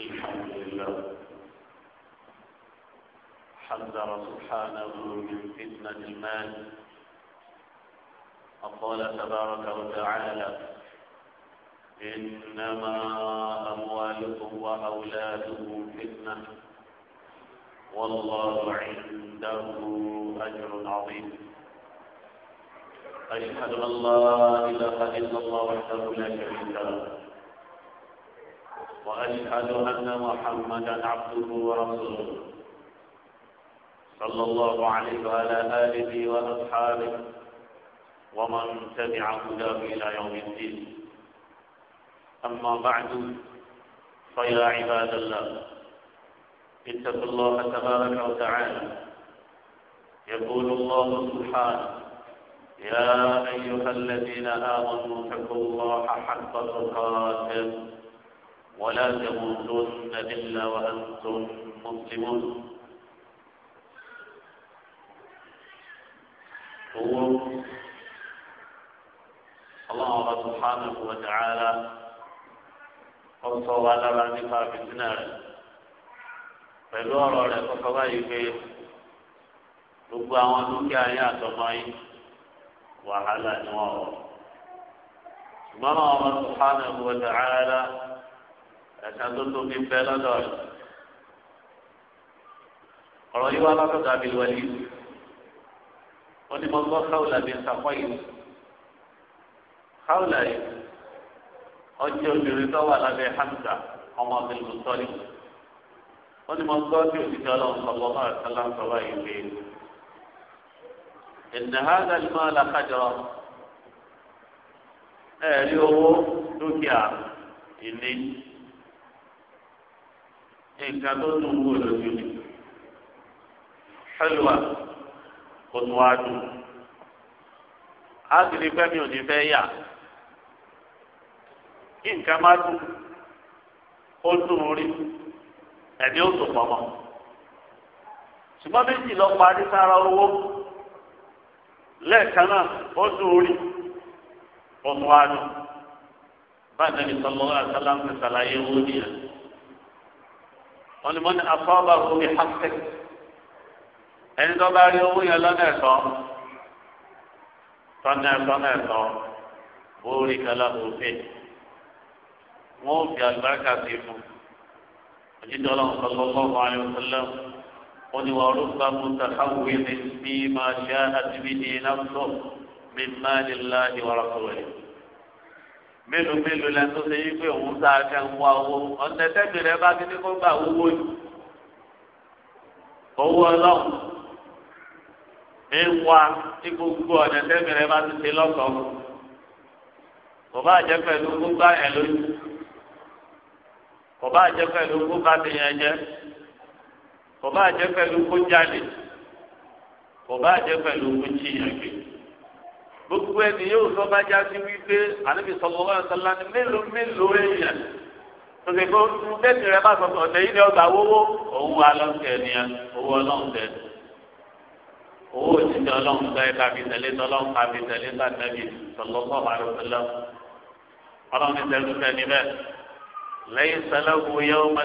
الحمد لله حذر سبحانه من فتنة المال وقال تبارك وتعالى إنما أموالكم وأولادكم فتنة والله عنده أجر عظيم أشهد أن لا إله إلا الله وحده لا شريك له وأشهد أن محمدا عبده ورسوله صلى الله عليه وعلى آله وأصحابه ومن تبع هداه إلى يوم الدين أما بعد فيا عباد الله اتقوا الله تبارك وتعالى يقول الله سبحانه يا أيها الذين آمنوا اتقوا الله حق تقاته ولا تموتن إلا وأنتم مسلمون owó ọlọ́run ọba وتعالى wa ta'ala ọsọ wa lára nípa fìtínà rẹ̀ pẹ̀lú ọ̀rọ̀ rẹ̀ kọ́kọ́ báyìí pé gbogbo àwọn dúkìá yín àtọmọ yín wàhálà ni wọ́n rọ̀ ṣùgbọ́n ọlọ́run ọba subhanahu wa ta'ala ẹ̀ka tó tóbi ń bẹ lọ́dọ̀ rẹ̀ ọ̀rọ̀ yìí wá lọ́dọ̀ àbí wọlé ó ní mo gbọ́ káwùlà bí nsàkọ́ yìí káwùlà yìí ọjọ́ obìnrin tó wà lábẹ́ Hamza ọmọ ọ̀gbìn lùtọ́lì ó ní mo gbọ́ bí òṣìṣẹ́ ọlọ́run sọ̀rọ̀ ọmọ sọ́lá ń yìí pé ìnáhàgà ni mo ẹ̀rí owó dúkìá ìní. nǹkan tó dùn wò lójú ni ṣẹlùwà kò tún wá dùn á sì ní fẹ́mi ò ní fẹ́ yà kí nǹkan má dùn ó dùn rí ẹ̀mí ó sùn pọ̀ ṣùgbọ́n méjì lọ parí sára owó lẹ́ẹ̀kan náà ó dùn rí tún wá dùn wọn ni wọn ni afọba omi hapẹ ẹni tó bá rí owó yẹn lọ́nà ẹ̀tọ́ tọ́nà tọ́nà ẹ̀tọ́ orí kala òfin wọn ò fi àlùbáríkà sí fún òjijì ọlọ́run sọlọ lọ́wọ́ àyọ̀ sọlọ wọn ni wọn rúbà mọ́tà káwé ní bí máa ṣe àtìmí ní náà tó mi máa ní mélòó mélòó lẹ tó ṣe yí pé òun tá a fẹ́ ń wá owó ọ̀nà tẹ́bi rẹ bá ti ní kó gbà owó yìí owó ọlọ́run ń wá tí gbogbo ọ̀nà tẹ́bi rẹ bá ti ṣe lọ́sọ̀ọ́ kò bá jẹ́ pẹ̀lú gbogbo ẹ̀ lójú kò bá jẹ́ pẹ̀lú gbogbo àtẹ̀yẹn jẹ́ kò bá jẹ́ pẹ̀lú kó jáde kò bá jẹ́ pẹ̀lú kó jìyàn gbé gbogbo ẹni yóò sọ bá jáde wípé àlebi sọlọ wà sọlá ni mélòó mélòó èèyàn tòkè kó tẹ́tì rẹ bá sọ̀tọ̀ ọ̀tẹ̀ yìí ni ọgbà wọ́wọ́ òun wà lọ́sẹ̀ nìyẹn owó ọlọ́ọ̀tẹ̀ owó òṣìṣẹ́ ọlọ́ọ̀tẹ̀ ẹ̀ka fi tẹ̀lé tọ́lọ́ọ̀ka fi tẹ̀lé tàbí sọlọ́kọ̀ àrùsọ̀lọ́ ọlọ́ọ̀ni tẹ̀lé fẹ́ níbẹ̀ lẹ́yìn sẹlẹ̀ wúyẹ́ ọmọ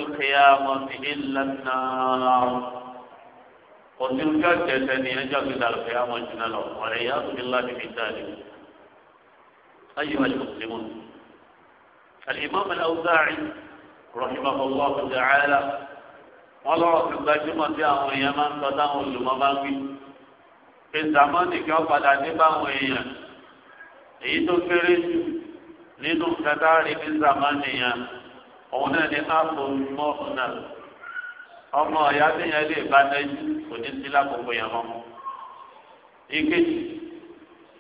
kò sí ojú àtẹ̀tẹ̀ ní ẹjọ́ gbígbà lọ́fẹ́ àwọn jìnnà lọ ọ̀rẹ́ ìyá tó ní láti fi dáadé ayé wa ni mùsùlùmù alimami awuzari rahimahullahu ta'ala wọn lọrọ tó gbajúmọ̀ tí àwọn èèyàn máa ń sọ táwọn olùmọ̀ bá ń wí pé zamani kan padà dé báwọn èèyàn èyí tó kéré jù nínú kátàrí ní zamani yẹn òun náà ní àpò mọ́ọ̀nà ọmọ ọ̀yá téèyàn lè bá dájú kò ní sí lákòókò yẹn mọ́. ìkejì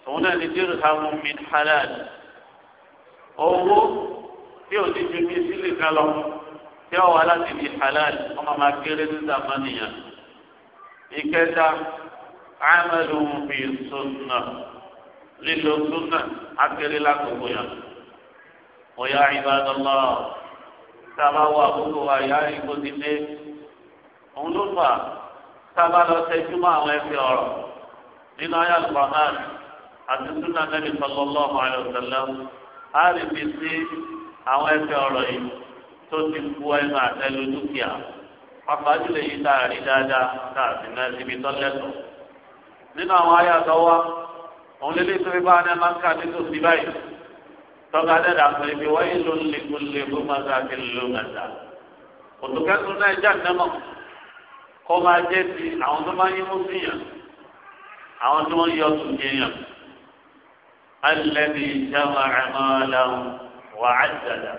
òun náà ní dirhamu min halal owó tí ò ní ju bí sílè kan lọ tí ó wà láti di halal ọmọ máa kéré ní sàmánìyàn. ìkẹta amalu fi sunna lílo sunna akéré lákòókò yẹn. ọ̀yá ibadallah tá a bá wọ àkókò wa ti dé òun ló fà sábà lọ sẹ́jú mọ́ àwọn ẹgbẹ́ ọ̀rọ̀ nínú ayé al-Qur'an àti sunna Nabi sallallahu alaihi wasallam á rí mi sí àwọn ẹgbẹ́ ọ̀rọ̀ yìí tó ti kú ẹnu àtẹlu dúkìá pàpàjùlẹ̀ yìí tá a rí dáadáa tá a sì náà síbi tó lẹ́tọ̀ọ́ nínú àwọn ayé àtọwá òun lè lè tóbi bá a máa ń ká nínú sí báyìí tọ́ka dẹ́dà pé ibi wáyé ló ń lè kó lè kó máa ká kí ló máa dà òtún kẹ́tù náà já nẹ́mọ̀ kọ́ máa jẹ́ ti àwọn tó máa ń yíwó sí yàn àwọn tó ń yọ tún yé yàn. alẹ́bí ìjàmà àmàlàwò wà á jàdà.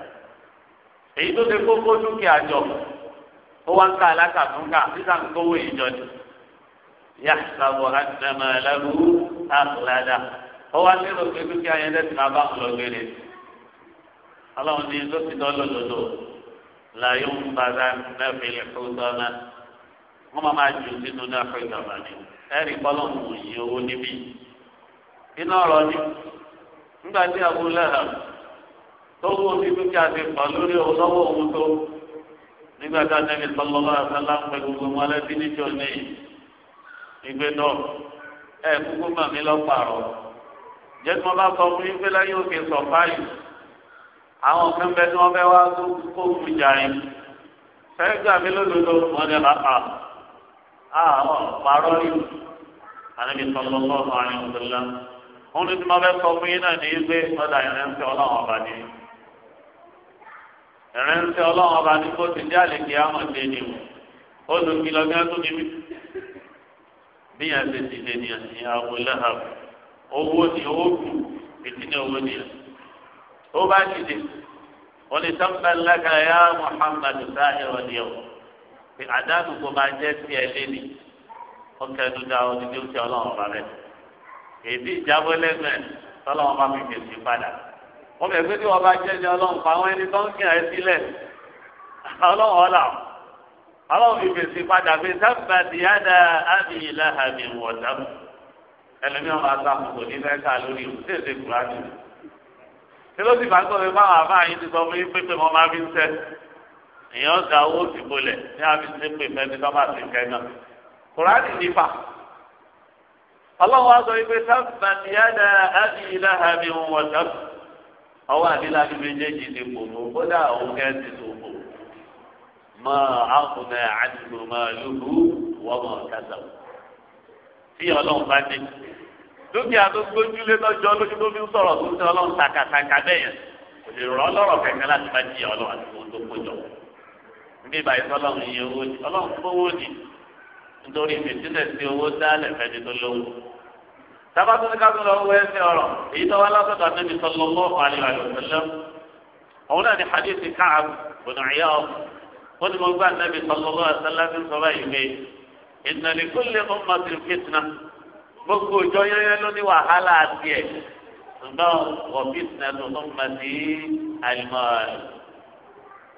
èyí tó ti kókó dúkìá jọ ó wá ń ká alákàtúnkà títà ń kówó ìjọ ni. yàtàbọ̀ àtàmàlàwò àkùlàdà. ó wá lérò pé dúkìá yẹn lẹ́sìn máa bá wọn lọ gbére. aláwọn ní ló ti dán lọ́dọọdọ làyé ń padà náà fi lè kó dáná wọ́n máa máa ju sínú ní áfíríkà bàdé ẹ̀rí kọ́lọ́mù yìí owó níbí. iná ọ̀rọ̀ ni nígbà tí abúlé hà tó wọ́n ti fi kí a ti pa lórí òun lọ́wọ́ òun tó nígbà tí anẹ́bí sọlọ́lá àtàlà ń pẹ gbogbo wọn lẹ́bí níjọ ní ìgbé náà ẹ kúkú màmí lọ́pàrọ̀ jẹ́ tí wọ́n bá sọ fún yín pé láyé òkè sọ fáyì àwọn kan bẹ tí wọ́n fẹ́ wá kó kó kú jà yín fẹ́ẹ́ gbà mí lódodo wọn ni bàbá. Ah, àwọn parọ́ ni ànábi sọlọ lọ́wọ́ àárín òṣèlú wọn ní tí wọn fẹ́ sọ fún yín náà ní gbé ọ̀dà ìrẹsẹ̀ ọlọ́wọ́n ọba ni ìrẹsẹ̀ ọlọ́wọ́n ọba ni kó ti dé àlè kí á mọ̀ dé ni ó lù kí lọ́gán tó níbi bí yẹn ti ti dé ni ìyá Abu Lahab owó ni owó kù ìdílé owó ni ó bá ti dé wọn ní sábà ńlá yá Muhammadu sáyẹn wọn ni ẹ̀wọ̀n àdánù kò máa jẹ́ sí ẹ lẹ́nu ọkẹ́ ẹnu dá ọdún tó ti ọlọ́run bá rẹ̀ èdè ìjábọ̀ lẹ́gbẹ̀ẹ́ tọ́lọ́run bá fi fèsì padà wọ́n fẹ́ pé tí wọ́n bá jẹ́ ní ọlọ́run pa àwọn ẹni tó ń kírun ẹ sílẹ̀ ọlọ́run ọ̀là ọlọ́run fi fèsì padà fi sábà tìyàdà ábì láhàbì wọ̀dàm ẹlẹ́mìíràn máa sá kòkò ní mẹ́ta lórí ìwúsèdè kùránì tí ló sì bá gbọ́ mi fáwọn àfáà yìí ti sọ fún pé pé mo máa fi ń sẹ́ èèyàn ga owó ti bolẹ̀ ní abisí pè fẹ́ni tó bá ti kẹ́ náà kùránì nípa ọlọ́wọ́ aṣọ ìgbé sábà ní ẹ̀dá ẹ̀dí ìlàhàmì wọn dán ọwọ́ àdílà ní méjèèjì ti pòpò kódà òun kẹ́ ti tòpò mọ àkùnà àdìgbò máa wọ́n mọ̀ kásà tí ọlọ́run bá dé dúkìá tó gbójúlé lọ́jọ́ lójú tó fi ń sọ̀rọ̀ tó ń ọlọ́run bí ibà yìí sọlọ́run iye owó ni ọlọ́run gbówó ni nítorí ìfèsílẹ̀ sí owó dálẹ̀ fẹ́ni tó lówó. sábàtún ní káfíńlọ owó ẹsẹ̀ ọ̀rọ̀ èyí tó wá lọ́sọ̀tà níbi sallallahu alaihi wa sallam òun náà ni hadithi káàbù bùnà ìyá ọ wọ́n ti mọ gbà níbi sallallahu alaihi wa ní sọ́lá yìí pé inna li kulli ummatin fitna gbogbo ìjọ yẹn ló ní wàhálà àti ẹ̀ ṣùgbọ́n wọ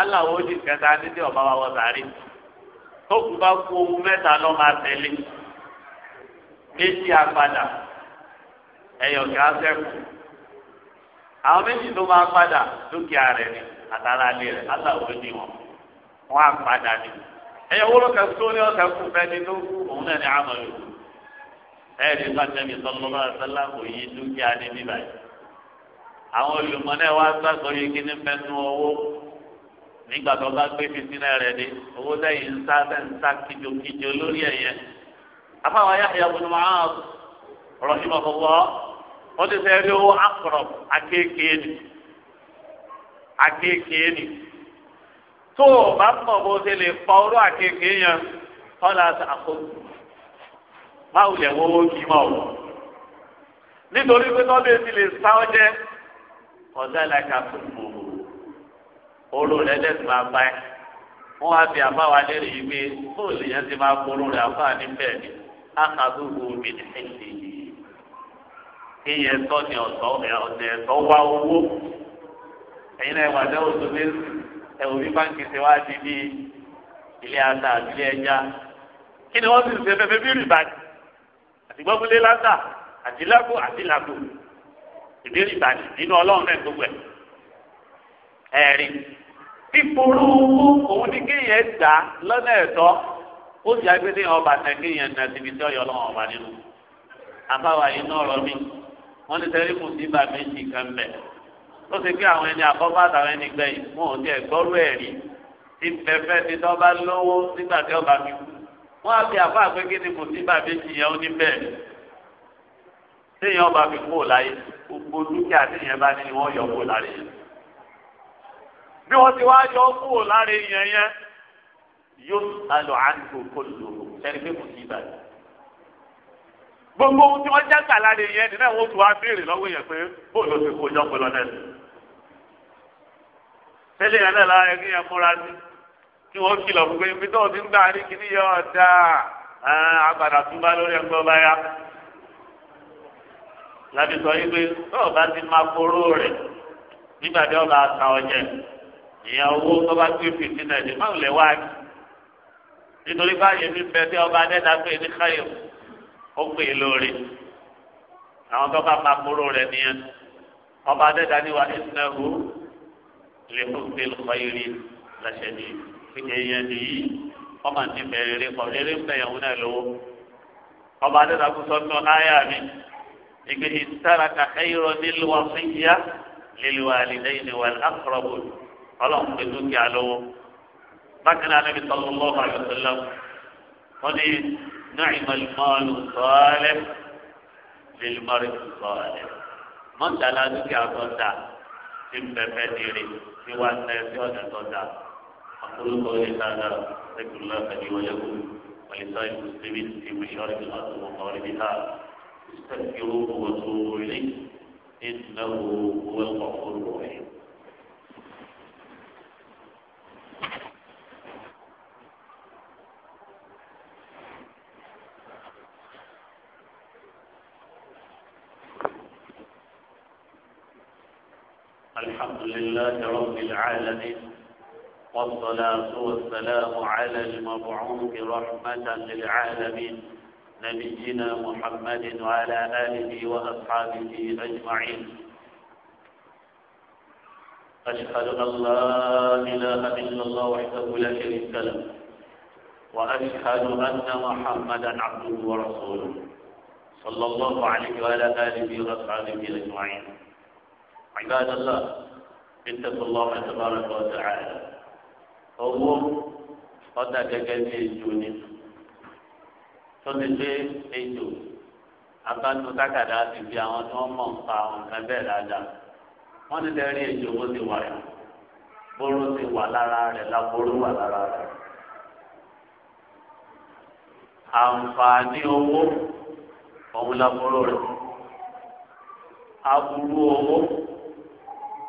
aláwọ̀ ó di kẹta nídìí ọba wa wọ sàárì tó kù bá kú ohun mẹ́ta lọ́ máa tẹ̀lé méjì apadà ẹ̀yọ̀ kí á sẹ́kù àwọn méjì tó máa padà dúkìá rẹ̀ ni àtàrà alẹ́ rẹ̀ aláwọ̀ ó di wọn wọn á padà ni ẹ̀yọ̀ wọ́lọ́ kẹ́kù tó ní ọ̀sẹ̀ kù fẹ́ ni tó kú òun náà ní àmọ̀ yòókù ẹ̀rí pàtẹ́mì sọlọ́lá ṣẹlá kò yí dúkìá ní bíbáyìí àwọn olùmọ̀ náà wá gbàgbọ́ yìí kí ní mẹ́nu owó nígbà tó bá gbé fitinẹ rẹ dé owó lẹ́yìn nsá sẹńsá kíjokíjo lórí ẹyẹ afáwọn ayáhìá bùnú máa rọ ìmọ̀kọ̀wọ́ wọ́n ti fẹ́ rí owó akọ̀rọ̀ akéèké ni akéèké ni tó o bá mọ̀ bó ṣe lè pa oró akéèké yẹn ọ̀là àkókò má wulẹ̀ wọ́wọ́ kí mọ̀ o nítorí pé tọ́lú etí lè sá ọ jẹ́ ọ̀dà làkàtúntò oró rẹ lẹsùn máa bá ẹ wọn wá fi àbáwá lérí yìí pé bóòlù yẹn ti máa polú rẹ àbáwá níbẹ̀ ni akadúgbò mi ní ẹ̀jẹ̀ yìí ìyẹn tọ́ ni ọ̀tọ̀ ọ̀tẹ̀ ẹ̀tọ́ wá owó ẹ̀yin náà wà lẹ́wọ̀n tó lé ẹ̀wò bí báńkì ti wá di bí ilé ata àti ilé ẹja kí ni wọ́n sì ṣe fẹ́fẹ́ bí rìbàdì àti gbọ́gbọ́lé lásà àti lágbo àti làgbo ìdí rìbàdì nínú ọlọ́run náà gbogbo ẹ̀ ẹ̀rí pípolú òun ní kéèyàn dà lọ́nà ẹ̀tọ́ ó sì agbédè ọba tẹ kéèyàn nà síbi tí ọyọ ọlọ́wọ́n ọba nínú afáwa iná ọ̀rọ̀ mi wọ́n ti tẹ́lẹ̀ kùn sí ibà méjì kan bẹ̀ ó sì kí àwọn ẹni àkọ́kọ́ àtàwọn ẹni gbẹ̀yìn wọn ò tiẹ̀ gbọ́rú ẹ̀rí tí pẹ̀fẹ́ ti tọ́ bá lówó nígbà tí ọba mi kú wọ́n á fi àfa àpé kí ni kùn sí ibà méjì yẹn ó ní bẹ́ẹ̀ téèyàn ọba mi kú ò gbogbo dúkìá téèyàn bá ní ni wọ́n yọ kó láyé yẹn. bí wọ́n ti wá yọ kúrò lára èèyàn yẹn yóò alọ àgbo kọlù ẹni pé kò sí ìbàdí. gbogbo ohun tí wọ́n já gbà lára èèyàn nínú ẹ̀wọ̀n wá béèrè lọ́wọ́ yẹn pé bó ló ti tẹ́lẹ̀ yẹn lára ẹni yẹn múra sí kí wọ́n kìlọ̀ fún pé ti ń gbà ní kíní ọ̀dà tún bá lórí ẹgbẹ́ ọba yìí pé ìyẹn owó tó bá gbé fìdí náà ní máa lè wá ní nítorí báyìí ní bẹ́ẹ̀ tí ọba adẹ́ta pé ní káyọ̀ ó pè é lóore àwọn tó bá pa kúrò rẹ̀ nìyẹn ọba adẹ́ta ní wa ìsìnàhù lè fún pé lọ́kọ́ ìrì lọ́sẹ̀ ní èèyàn nìyí ọmọ ní bẹ̀rẹ̀ rẹ̀ pọ̀ rẹ̀ ń bẹ̀yẹ̀ wọn náà lówó ọba adẹ́ta kú sọ́nù náírà mi ìgbéyìí sára kàkẹ́yìrọ̀ nílùú wàfíìyà lílùú àlìlẹ́yìn خلاص بدوكي على ما كان النبي صلى الله عليه وسلم قد نعم المال الصالح للمرء الصالح ما تلا دوكي على صوتا في مبفاتيري في واسنا يسيوانا صوتا أقول قولي هذا ذكر الله فني ويقول ولسائر المسلمين في مشارك الأرض ومغاربها استغفروه وتوبوا إليه إنه هو لله رب العالمين والصلاة والسلام على المبعوث رحمة للعالمين نبينا محمد وعلى آله وأصحابه أجمعين أشهد أن لا إله إلا الله وحده لا شريك له وأشهد أن محمدا عبده ورسوله صلى الله عليه وعلى آله وأصحابه أجمعين عباد الله اتقوا الله تبارك وتعالى owó ọ̀dà gẹ́gẹ́ bí ejò ni tó ti gbé ejò abájú tákàdá ti fi àwọn tí wọ́n mọ̀ ń pa àwọn nǹkan bẹ́ẹ̀ dáadáa wọ́n ti lẹ́rìí ejò bó ti wà yìí bóró ti wà lára rẹ̀ láboró wà lára rẹ̀ àǹfààní owó òun láboró rẹ̀ aburú owó.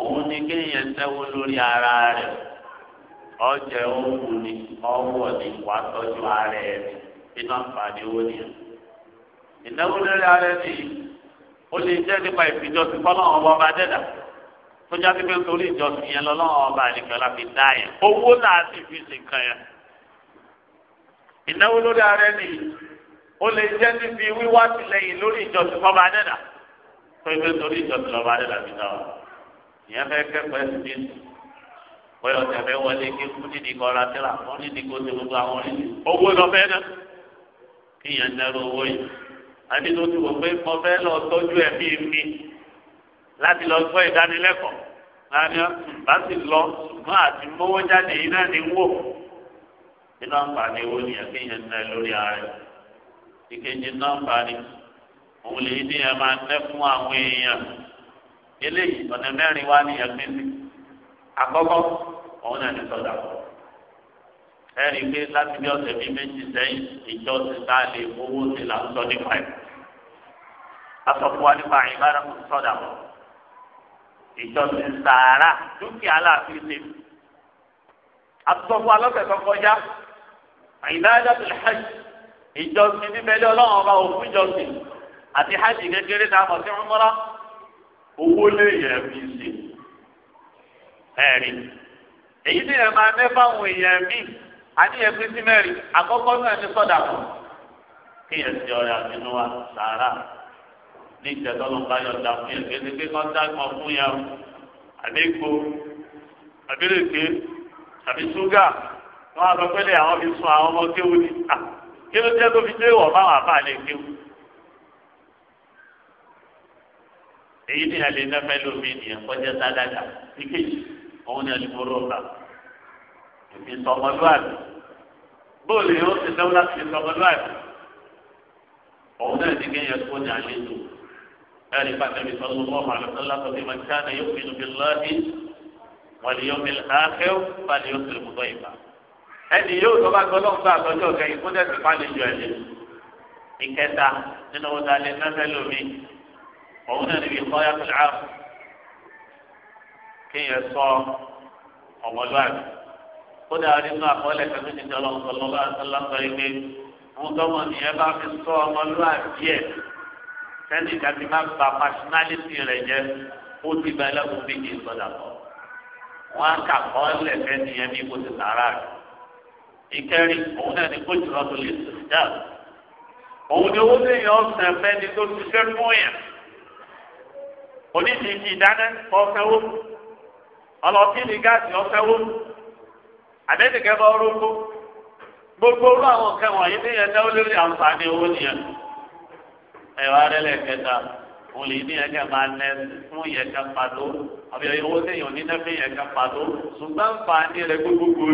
òun ni kéèyàn lórí ara rẹ̀ òun ni ọwọ́ ni wà tọ́jú ara ẹ̀ iná nfààní owó nìyẹn. ìnáwó lórí ara ẹ̀ nìyí ó lè jẹ́ nípa ìfijọ́sìn fọlọ́run ọba ọba dẹ́dà tó jáde pé torí ìjọsìn yẹn si ọba fi dá yẹn owó náà sì fi ṣèǹkan yẹn. ìnáwó lórí ara ẹ̀ nìyí ó lè jẹ́ níbi wíwá tìlẹ́yìn lórí ìjọsìn fọba dẹ́dà tó ìjọsìn ọba dẹ́dà fi ìyẹn fẹ́ kẹ́kọ̀ọ́ ẹ̀sìn mi bóyá ọ̀sẹ̀ fẹ́ wọlé kí fún nídìí kọ́ ra sílà fún nídìí kó ti gbogbo àwọn orin owó lọ fẹ́ ná kí ìyẹn nẹ́rù owó yìí àbí tó ti wò pé mo fẹ́ lọ tọ́jú ẹbí mi láti lọ gbọ́ ìdánilẹ́kọ̀ọ́ láàrin bá sì lọ ṣùgbọ́n àti mówó jáde yìí náà ni wò nínú ni, owó ni ẹ̀kí ìyẹn ná lórí ara rẹ̀ ìkejì náà ni, bá ní òun lè ní ẹ máa ná fún àwọn èèyàn eléyìí ọ̀nà mẹ́rin wá ní ẹgbẹ́ mi àkọ́kọ́ òun náà ní sọ̀dà pọ̀ ẹ̀rí pé láti bí ọ̀sẹ̀ bíi méjì sẹ́yìn ìjọ ti ta lè owó sí là ń sọ nípa ẹ̀ asọ̀fún wa nípa ìbára kò sọ̀dà pọ̀ ìjọ ti sàárà dúkìá láàfin ṣe asọ̀fún alọ́sẹ̀ tó kọjá ìdájọ́ ti hajj ìjọ ti bíbélé ọlọ́run ọba òkú ìjọ ti àti hajj kékeré tá sí ọmọlá. owó léèyàn fi ṣe ẹ̀rí èyí tí yẹn máa mẹ́ fáwọn èèyàn mí àníyàn pín sí mẹ́rin àkọ́kọ́ náà ní sọ́dà kù kéèyàn ti ọ̀rẹ́ àbínú wa sàárà ní ìjẹ́tọ́lọ́pàá yọ̀ọ̀dà fún yẹn kéde pé kọ́ńtàkùn fún yẹn àlékò àbílẹ̀kẹ́ àbí ṣúgà wọn àgbẹ̀pẹ́lẹ̀ àwọn fi sun àwọn ọmọ kéwu kí ló jẹ́ tó fi dé wọ̀ fáwọn àbá èyí ni alẹ́ nẹ́fẹ́ lómi nìyẹn kọjá sádàkà níkejì òun ni alùpùpù ọ̀gá èmi sọmọlúwàbí bóòlù yóò ti náwó láti fi sọmọlúwàbí òun náà ti kéèyàn kó ní àlejò ẹ̀rí pàtàkì sọ́dún mọ́ àlùsọ́lá tó fi máa kíáná yóò fi lùmí lọ́ọ̀dì wọ́n lè yọ mi láàkẹ́ wọ́n lè yọ sí lùmùtọ́ ìgbà ẹni yóò tó bá gbọ́dọ̀ gbọ́ àtọ́jọ́ kẹ́yìn fún òun náà níbi ìtọ́ yàtọ̀ láàrú kéèyàn sọ ọmọlúwàbí ó dáa nínú àkọọ́lẹ̀ kan méjì tí ọlọ́run sọ lọ́wọ́ àtọ́lá sọ pé wọn tọ́mọ nìyẹn bá fi sọ ọmọlúwàbí ẹ̀ sẹ́ni kàbí má ba pàṣínálítì rẹ̀ jẹ́ ó ti bá ẹlẹ́kùn bí kì í sọdà kọ́ wọn á kà kọ́ ẹlẹ́fẹ́ nìyẹn bí kò ti sàárà rẹ̀ ìkẹrin òun náà ní kó jùlọ tó lè sèdá òun ni owó lè yàn ọ̀sẹ̀ fẹ́ni tó ti fẹ́ fún yàn oníṣìṣì ìdáná ọ̀fẹ́wó ọlọ́tìlì gáàsì ọ̀fẹ́wó àdéhìkẹ́ bọ́ rúkú gbogbo orú àwọn nǹkan wọ̀nyí ní yẹn náà lórí àǹfààní owó nìyẹn ẹ̀rọ arẹ́lẹ̀ kẹta òun lè ní ẹ̀kẹ́ máa nẹ fún yẹn kan pàtó àbí owó téèyàn ní nẹ́fẹ̀ yẹn kan pàtó ṣùgbọ́n àǹfààní rẹ̀ gbogbogbò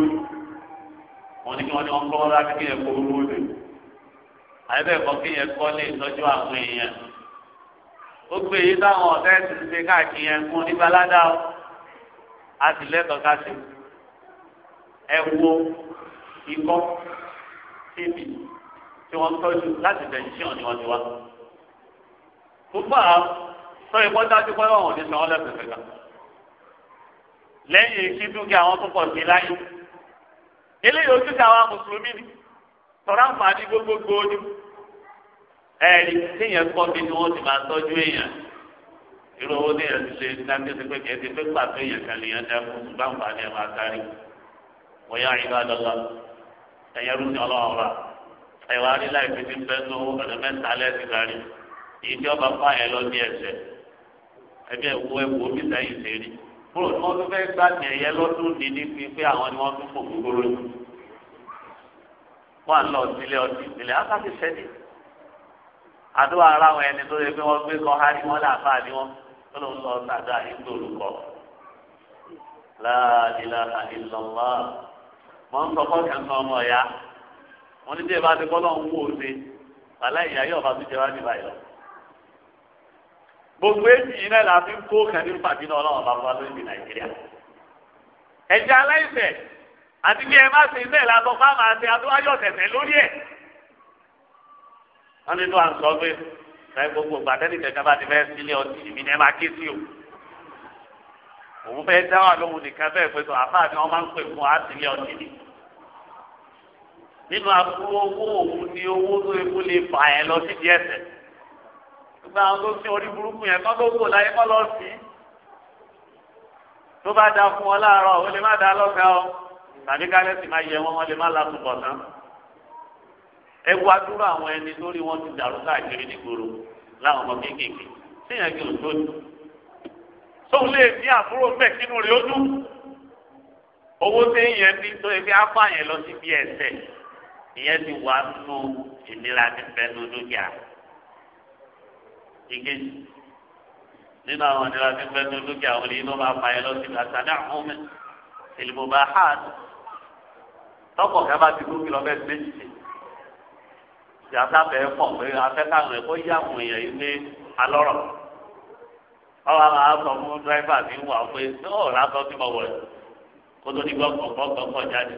wọn ni kí wọ́n ní wọ́n kọ́ rárá kí yẹn kó owó lè àyẹ̀bẹ̀ kọ́ kí yẹn kọ́ lè tọ́jú àwọn èèyàn gbogbo èyí táwọn ọ̀tẹ́ ti ń ṣe káàkiri yẹn fún oníbaládà ó a sì lẹ́tọ̀ọ́ ká sí ẹ wo ikọ́ tíbi tí wọ́n tọ́jú láti tẹ̀síọ̀n ni wọ́n ti wá. gbogbo àwọn sọ ikọ́ dájú pé wọ́n ò ní sanwó lẹ́sẹ̀fẹ̀ kan. lẹ́yìn kí dúkìá wọn tó pọ̀ sí láyé eléyìí ojú ti àwọn mùsùlùmí ni tọ́lá ń fà ní gbogbogbò ni. ẹ̀rí téèyàn kọ́ bí ni wọ́n ti máa tọ́jú èèyàn irú owó téèyàn ti ṣe dáńtí ti pé kìí ti pé pàtó èèyàn kan lèèyàn dá fún ṣùgbọ́n àǹfààní ẹ̀ máa kárí wọ́n yá ìlú ẹ̀yẹ rú ẹ̀wà ọba fún àyẹ̀ lọ ní ẹ̀sẹ̀ ẹbí sẹ́yìn ṣe rí tí wọ́n tún fẹ́ gbà àdúrà ara wọn ẹni tó yẹ pé wọn gbé kọ ha ni wọn là fà ni wọn tó ló ń lọ sàdá ìgbò olùkọ láàdìlà àdìlọmọ mọ ń sọkọ kẹńtọ ọmọ ọyá wọn ní bíi bá ti kọ́ lọ́hún wò ó ṣe bàlá ìyá yóò bá tún jẹ wá níbàyìí gbogbo èjì yìí náà la fi ń kó kẹ́ni ń fàbí náà ọlọ́wọ́ bá wà lórí nàìjíríà. ẹ̀jẹ̀ aláìsẹ̀ àti bí ẹ má ṣe bẹ́ẹ̀ la sọ fáwọn àti adúláyọ̀ tẹ̀sẹ̀ lórí ẹ̀ wọn ní tó à ń sọ pé ṣáà gbogbo gbàtẹ́nì kẹ̀kẹ́ bá ti fẹ́ sílé ọtí mi ní ẹ máa ké sí o òun fẹ́ dá wà lóhun nìkan bẹ́ẹ̀ pé tó àfáà ni wọ́n máa ń pè fún wa sílé ọtí mi nínú àbúrò owó òun ni owó tó epo lè fà ẹ lọ sí díẹ̀ sẹ̀ gbogbo àwọn tó fi orí burúkú yẹn kọ́ lóko láyé kọ́ lọ sí tó bá da fún ọ láàárọ̀ ó lè má da lọ́sẹ̀ ọ tàbí kálẹ́sì máa yẹ wọn wọn lè má la tún ẹ wá dúró àwọn ẹni lórí wọn ti dàrú káàkiri nígboro láwọn ọmọ kéékèèké téèyàn kì í tó ní. sóun lè ní àbúrò bẹ́ẹ̀ sínú rẹ̀ ó dún owó téèyàn ní tó ebi apá yẹn lọ síbi ẹsẹ̀ ìyẹn ti wà nù ìnira ti fẹ́ nù dúkìá ìkejì nínú àwọn ìnira tí fẹ́ tó dúkìá wọlé máa fa ẹ lọ sí àtàdé àwọn ọmọ ìlú bá hà tọkọ kẹfà ti kú kìlọ méjì sí yàtá bẹ́ẹ̀ pọ̀ pé afẹ́kàwọn ẹ̀kọ́ yá àwọn èèyàn yìí ní alọ́rọ̀ ọ̀rọ̀ àwọn aṣọ fún dírẹ́fà mi wà pé ọ̀rọ̀ lásán tí mo wọ̀ ẹ́ kó tó ní gbọ́ngbọ́ngbọ́ngbọ́ jáde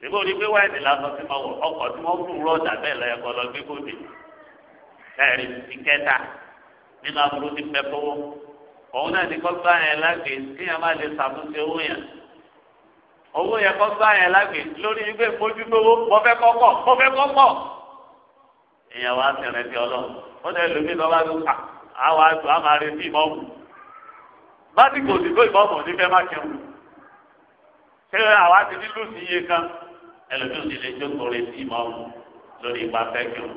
ṣùgbọ́n o ní pé wáìnì lásán tí mo wọ̀ ọkọ̀ tí wọ́n fún rọ́ọ̀dà bẹ́ẹ̀ lọ ẹ̀kọ́ lọ gbé kóde ẹ̀rí ti kẹta nínú aburú ti pẹ́ fowó òun náà ní kọ́ bá yẹn lágbè kéèyàn má lè ṣàtúnṣe owó yẹn owó yẹn kọ́ bá yẹn lágbè lórí wípé mójútówó mo fẹ́ kọ́kọ́ mo fẹ́ kọ́kọ́ èèyàn wá sí ẹrẹ sí ọlọ́run ó lè lómi lọ bá tó kà á wá tó á máa retí ìmọ̀ọ́mù bá ti kò sí tó ìmọ̀ọ́mù ní fẹ́ má kẹrù ṣé àwa ti ní lùsì iye kan ẹlòmí ò sì lè jókòó retí ìmọ̀ọ́mù lórí ipa fẹ́ kẹrù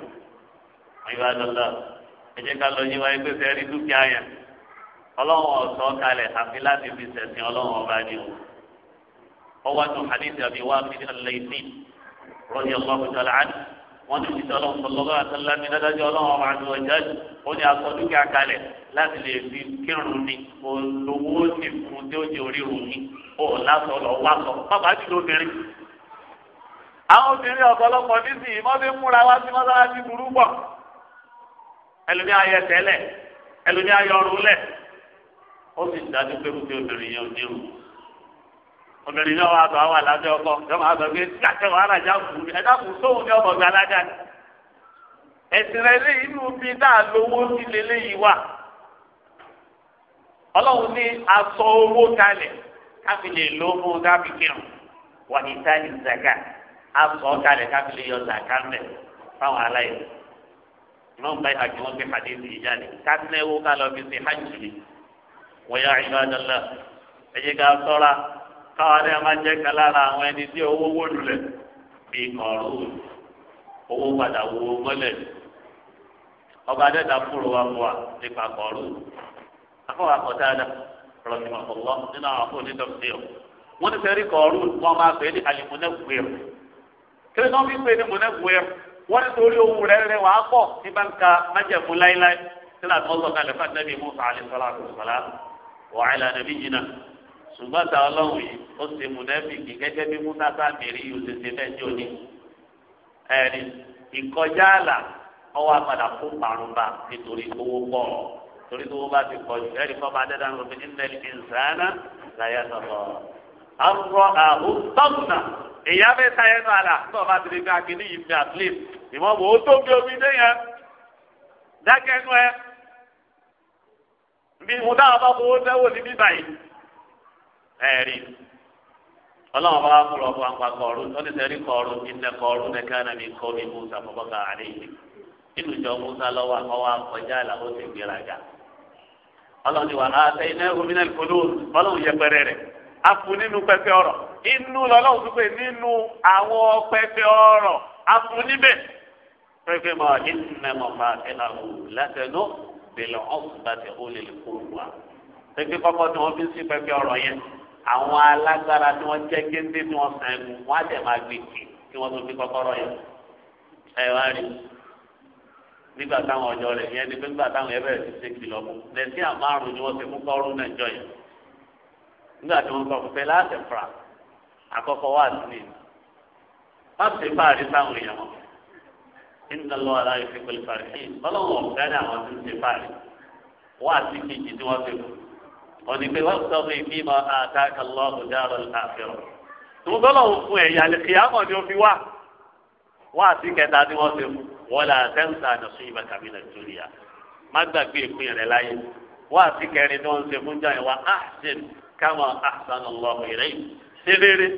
ìwà lọ́lọ́ ẹ jẹ́ ká lọ yí wáyé pé fẹ́ rí dúkìá yẹn ọlọ́run ọ̀sọ́ kalẹ̀ àfi láti fi sẹ̀sìn ọlọ́run ọba ni o ọwọ́ àti hadith àbí wàá fi ní ọ̀lẹ́yìn rọ́ọ̀dì ọlọ́run tó wọn ti dìtọ lọ sọlọgọ àtàlámi dájọ Ọlọ́run ọmọ àti ọjà jù ó ní aṣọ dúkìá kalẹ̀ láti lè fi kírun ni olówó ti fún tí ó di oríru ni ó lásọ lọ wá sọ bàbá ti ló bẹ̀rẹ̀. àwọn obìnrin ọ̀pọ̀lọpọ̀ nísìnyí wọ́n fi múra wá sí mọ́sálásí burú pọ̀ ẹlòmí ayẹ tẹ́lẹ̀ ẹlòmí ayọ̀rùn lẹ̀ ó sì dájú pé kúkẹ́ obìnrin yẹn ò ní rù obìnrin náà wà sọ àwọn àlàáfíà ọkọ yóò máa sọ pé dákẹ́ wàhálà já kù mí ẹ̀dá kù sóhun ní ọmọ gbà ládàá ni. ẹ̀sìn rẹ̀ lé inú bí náà lówó sí leléyìí wà. ọlọ́run ní aṣọ owó kalẹ̀ káfí lè lo fún káfí kírun wà ní sáyẹn zaka aṣọ kalẹ̀ káfí lè yọ zaka mẹ́ fáwọn aláìsí. ìmọ̀n báyìí àjọ wọn fi hàdí sí ìjáde káfí náà owó kálọ̀ fi ṣe hajj ni. wọ́n yá ìbádọ́lá ẹ̀jẹ̀ ká sọ́ra káwa náà máa jẹ́ kan lára àwọn ẹni tí owó wó lulẹ̀ bí ọ̀rọ̀ owó padà wo mọ́lẹ̀ ọba dẹ́ta fúru wa fún wa nípa ọ̀rọ̀ afọwọ́ akọ̀dáadá rọ̀jùmọ̀ ọ̀lọ́ nínú àwọn afọ onídọ̀tí ọ̀ wọ́n ti fẹ́ẹ́ rí kọ̀ọ̀rù wọn máa pè é ní alimunẹ́gbẹ̀rù kí ló ń fi pè é ní munẹ́gbẹ̀rù wọ́n ti torí ohun rẹ̀ rẹ̀ wàá pọ̀ ní báńkà májẹ̀mú láíláí sílẹ̀ àti ọ̀sọ̀ kalẹ̀ fún àtẹ́bí musa alẹ́ àti sọ́lá wàhálà nàbí jìnnà ṣùgbọ́n ta ọlọ́run yìí ó ṣe mùnẹ́fìkì gẹ́gẹ́ bí múnáfà mèrì yìí ó ṣe ṣe mẹ́jọ ní. ẹ̀rí ìkọjá àlà ọwọ́ apàdà fún parunba nítorí owó pọ̀ torí owó bá ti pọ̀ ẹ̀rí kọ́ máa dẹ́dá ló fi nílẹ̀ ìsànà láyé sọ̀tọ̀. àrùn àhùn tọ́kùnà ìyá fẹ́ sáyẹ́ nù àlà tó o ti lè gbé akíní yìí fi àtìlẹ́ ìmọ̀ọ́mọ̀ ẹ̀rí ọlọ́run bá kú lọ fún apá kọ̀ọ̀rù lọ́dún sẹ́rí kọ̀ọ̀rù ìdẹ kọ̀ọ̀rù nìkan náà mi kọ́ mi musa fọwọ́kà àríyìn nínú ìjọ musa lọ́wọ́ àkọ́wọ́ akọjá làwọn ti gbéraga ọlọ́run ti wà á sẹ́ iná gómìnà ìkọlù ọlọ́run yẹ pẹrẹ rẹ̀ a fún nínú pẹpẹ ọ̀rọ̀ inú lọ́lọ́run tó pé nínú àwọn pẹpẹ ọ̀rọ̀ a fún níbẹ̀ pẹpẹ mọ àwọn alágbára tí wọ́n jẹ́ géńdé tí wọ́n sàn ẹ̀gùn wọ́n á tẹ̀ máa gbé kì kí wọ́n tó fi kọ́kọ́rọ́ yẹn. ẹ wá rí nígbà táwọn ọjọ́ rẹ̀ yẹn ni pé nígbà táwọn ẹbẹ̀rẹ̀ ti ṣe kìlọ̀ mú lẹ́sìn àmárùn ni wọ́n ti mú kọ́rọ́ náà jọ yẹn. nígbà tí wọ́n kọ́ fẹ́ láti fà àkọ́kọ́ wà sí i. má ṣe fáàrí sáwọn èèyàn wọn. nígbà lọ́wọ́ aláyọ̀ fi pẹ̀lú fàrí. bọ́lá wọn ò òní pé wọ́n sọ fún ìfimọ àtàkà lọ́ọ̀dù dárò àfihàn. tòun tó lọ́wọ́ fún ẹ̀yà àlìkìyàmọ̀ ni ó fi wá wá sí kẹta ni wọ́n ti mú wọ́n là sẹ́ńsà àdàsú ìbá kàmínà júlíà má gbàgbé ìpín rẹ̀ láyé wá sí kẹrin ni wọ́n ti mú jáde wá ahsin kama ahsan allah ilayhi ṣẹlẹ́rẹ́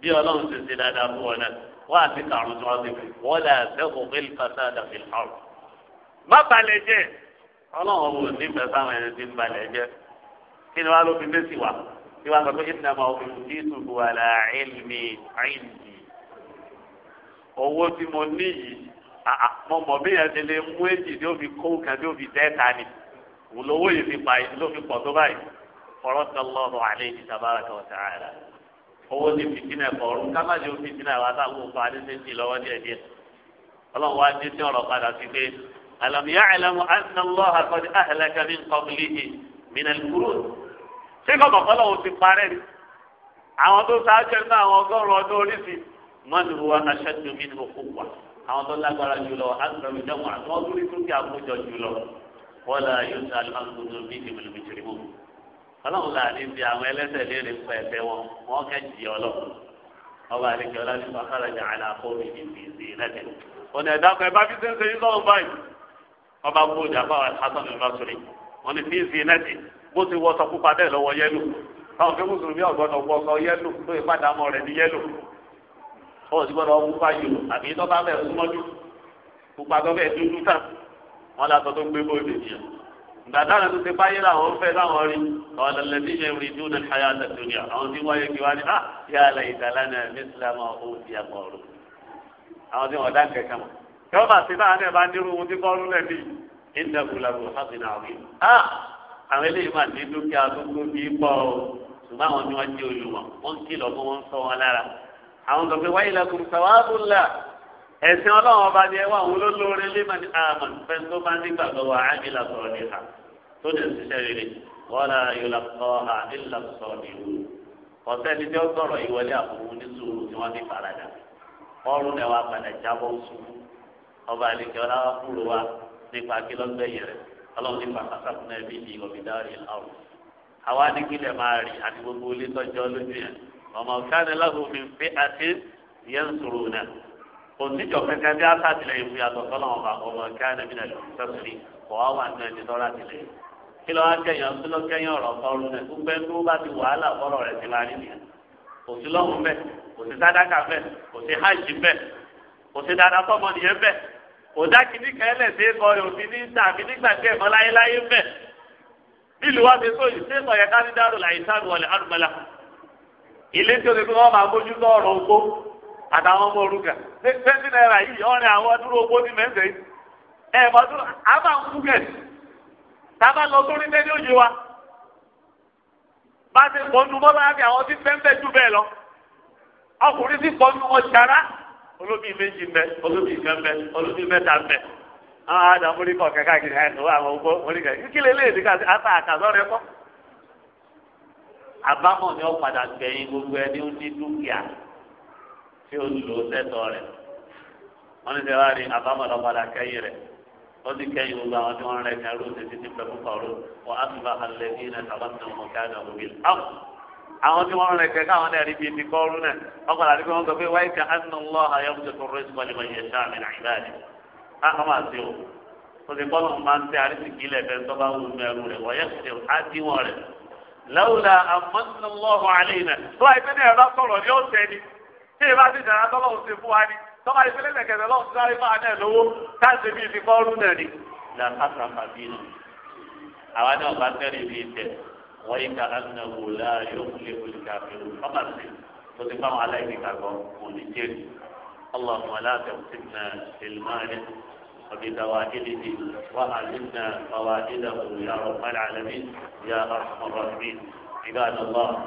bí ọlọ́run ti ṣe dáadáa fún ọ wá sí kàrún tí wọ́n ti mú wọ́n là sẹ́kù ọlọ́run ò ní fẹ́ sáwọn ẹni tí ń balẹ̀ jẹ́ kí ni wàá ló fi mẹ́sì wá kí wàá sọ pé ìdí nàmà òfin kùtì ìtùkù wà là ẹ̀lmì àìndì owó tí mo ní yìí mo mọ̀ bí yẹn ti lè mú èjì tí ó fi kó kan tí ó fi dẹ́ta ni wùlówó yìí fi pa ló fi pọ̀ tó báyìí fọlọ́tàlọ́rọ̀ àlẹ́ yìí sábàrà kan ọ̀tá àrà owó ti fìtínà ẹ̀kọ́rùn ká má jẹ́ fìtínà àwọn àtàwọn òkú adéṣẹ́jì lọ́wọ́ díẹ̀díẹ̀ ọlọ́run wá dé sí ọ̀rọ̀ padà sí pé àlàmì yá àlàmù àti náà lọ́ọ́ àkọ́dé àhẹlẹ́kẹ́ mi ń kọ́ ṣé kọ̀kọ̀ kọ́ lọ́wọ́ ti parẹ́ ni àwọn tó ṣáájú ẹ̀ náà àwọn ọgọ́rùn-ún ọdún oríṣi mọ́ni wo aṣáájú mi ní òkú wa àwọn tó lágbára jùlọ àtúntàmì dẹ́wọ̀n àti wọ́n lórí dúkìá àkójọ jùlọ wọ́n là yóò ṣe alùpàgùn ní ìmọ̀lẹ̀ méjìlél ọlọ́run là ní bí àwọn ẹlẹ́sẹ̀ léèrè ń pa ẹ̀fẹ́ wọn wọ́n kẹ́ jì ọlọ́run ọba àlejò ọlá ní fàkàràjà àlàkó mi ní bìsì lẹ́tẹ̀ ọ̀nà ẹ̀dá kan ẹ bá fi ṣe ń ṣe yín sọ́run báyìí ọba kú wọ́n ní fíìsì nẹ́ẹ̀tì bó ti wọ sọkú padà ẹ̀ lọ́wọ́ yẹ́lò táwọn fẹ́ mùsùlùmí ọ̀gbọ́dọ̀ wọ sọ yẹ́lò tó ìpàdánmọ́ rẹ̀ ní yẹ́lò ó sì gbọ́dọ̀ wọ́n pupa yòlò àbí tó bá bẹ̀rẹ̀ súnmọ́jú pupa tó bẹ̀rẹ̀ dúdú tán wọ́n lásọ tó gbé bóyá nìyẹn gbàdá rẹ̀ tó ti báyé làwọn fẹ́ láwọn rí ọ̀dọ̀ lẹ́bí yẹn rí dúró ní ṣáyà lẹ́tọ́nìyà àwọn tí wọ́n yẹ kí wá ní à ah, yà á lẹ̀ ìdálá ní ẹ̀mísílámù òbí àkọ́rù àwọn tí wọ́n dá kẹ̀kẹ́ mọ̀ kí wọ́n bá ti báyà náà bá nírú ohun tí kọ́rù lẹ́bí ìdá kùlàkù hàbìnà àwìn. a àwọn eléyìí máa ní dúkìá tó tóbi pọ̀ o ṣùgbọ́n àwọn ni wọ́n jẹ́ olùmọ̀ wọ́n ń kìlọ̀ fún wọn sọ wọn lára. àwọn tó fi wáyé lẹkùn sàwábùlà ẹ̀sìn ọlọ́run ọba ni ẹ wá àwọn olólóore lẹ́mọ̀ni àmọ̀ fẹ́ tó bá nígbà lọ́wọ́ àmìlà sọ̀rọ̀ níta tó dẹ̀ ṣiṣẹ́ rere wọ́n á yọ làkọ́ àmìlà sọ̀rọ̀ níwò ọ̀sẹ́ni tí ó sọ̀rọ̀ ìwọlé àbùkù ní sùúrù tí wọ́n ní faradà ọrùn ẹ̀ padà jábọ̀ sùn ọba àlejò ọlá kúrò wa nípa akílọ́gbẹ́ yẹn rẹ̀ ọlọ́run nípa kàkàkùn ẹbí ní ọ̀bìdárì ọ̀rùn. àwa ní kílẹ̀ máa rì àti gbogbo ilé tọ́jọ́ lójú yẹn ọmọ káni lọ́hùn mi fi àti yẹn sòrò náà òsìjọ kẹkẹ bí asátìlẹyìn fún yàtọ̀ sọlọ́wọ́n bá ọmọ káni mi náà lọ́sọ̀rì kọ́ wá wà ní ẹni tọ́lá tìlẹ̀ kí lọ́wọ́ kẹyàn kí lọ́ kẹyàn ọ̀rọ̀ sọ́ọ́rù náà gbogbo ẹni tó bẹ́ẹ̀ òdá kìíní kan lẹ̀ sí ẹ̀kọ́ òfin ní tàbí nígbàgbé ẹ̀kọ́ láyéláyé mẹ́. nílùú wa fi sóyún sí ẹ̀kọ́ yẹn káni dárò láyé sáàdù wọlé àdùmọ́lá. ilé tí o ti fi wọ́n máa mójú tó ọ̀rọ̀ ogbó àtàwọn ọmọ òrukàn. fẹ́ẹ́sì náírà yìí ọ̀rìn àwọn dúró ogbó ní mẹ́sẹ̀ ẹ̀ mọ́ tó a máa ń kú gẹ̀. tábà lọ sórí lẹ́ni òye wa. bá a ti pọ̀ nu mọ́ olóbì méjì mbẹ olóbì kan mbẹ olóbì mẹ́ta mbẹ àwọn àdàmúlí kọ kẹkẹ àkìrì àìsàn wà àwọn ogbó oníkẹ kíkílẹ lè ní káàsì àtà àkàzọrẹ kọ. àbámọ̀ ni ó padà gbẹ̀yìn gbogbo ẹni ó ní dúkìá tí ó lò ó sẹ́tọ̀ rẹ̀ wọ́n ní sẹ́wá rí àbámọ̀ lọ padà kẹ́yìn rẹ̀ ó sì kẹ́yìn gbogbo àwọn tí wọ́n rẹ̀ kẹ́rù títí pẹ̀lú kọ̀ọ̀rọ̀ wọ́n á tún bá alẹ́ ní ilẹ̀ àwọn tí wọ́n rẹ̀ kẹ́ káwọn náà rí bíi ti kọ́ọ́rù náà wọ́n padà rí pé wọ́n sọ pé wáyé ká anàlọ́ ayọ́mùsẹ̀ tó rẹ̀ sọ́ọ́ nípa ìyẹn sáà mi nàìjíríà ni. máa ṣe o kò sí kọ́nà máa ń tẹ àrísìkí ilẹ̀ fẹ́ tó bá wù mẹ́rù rẹ̀ wọ́yẹ́ ti وكأنه لا يخلف الكافرون فقط وتقام عليك كافر ونجد اللهم لا تقسمنا بالمال وبزوائده وعلمنا فوائده يا رب العالمين يا ارحم الراحمين عباد الله